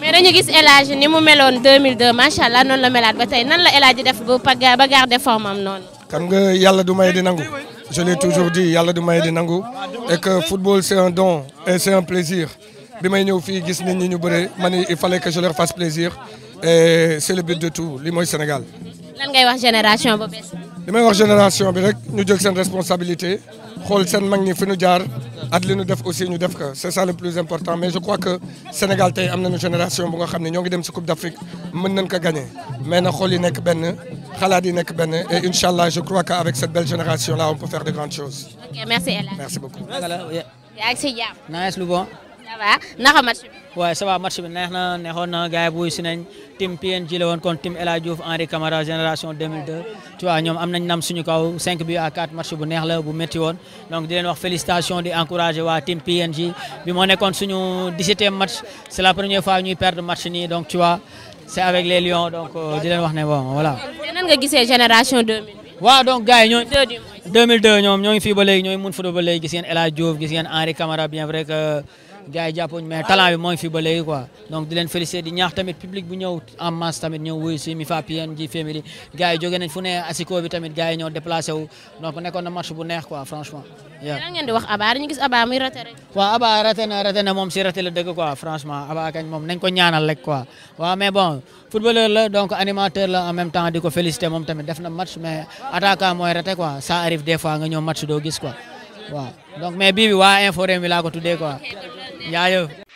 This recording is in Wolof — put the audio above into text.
mais dañu gis El Hadj ni mu meloon 2002 macha allah noonu la melaat ba tey nan la El Hadj def ba ba garder forme am noonu. xam nga yàlla du may di nangu je l'ai toujours dit yàlla du may di nangu et que c'est un don et c'est un plaisir bi may ñëw fii gis nit ñi ñu bëre ma ni il fallait que je leur fasse plaisir et c'est le but de tout li mooy Sénégal. lan ngay wax génération ba bees. may wax génération bi rek ñu jël seen responsabilité xool seen mag ñi fi ñu jaar. at li ñu def aussi ñu def ko c' est ça le mais je crois que Sénégal am nañu génération bu nga xam ne ñoo ngi dem si Coupe d' Afrique mën mais na xool yi nekk benn xalaat yi nekk benn et incha allah je crois que avec cette belle génération là on peut faire de grandes choses. ok waaye ça va match bi neex na neexoon na gars yi buy si nañ team PNG la woon kon team El Hadj Diouf Henri Camara génération 2002 tu vois ñoom am nañ nam suñu kaw 5 buts à match bu neex la bu métti woon di leen wax félicitation di encourager waa team PNG bi moo nekkoon suñu 17 match c'est la première fois ñuy perdre match nii donc tu vois c'est avec les donc euh, di ñoom ñoo ngi fii ba mun football ba léegi El Hadj Diouf gis ngeen Henri Camara bien vrai gars yi jàppoon mais talent bi mooy fi ba léegi quoi donc di leen di ñaax tamit public bu ñëw en masse tamit ñëw wuyu mi fa pien family gars yi nañ fu ne tamit gars yi ñëw donc nekkoon na match bu neex quoi franchement lan ngeen na moom si raté la dëgg quoi franchement Aba kañ moom nañ ko ñaanal rek quoi waaw bon footballeur la donc animateur la en même temps di ko féliciter moom tamit def na match mais attaquant mooy raté quoi jaajëf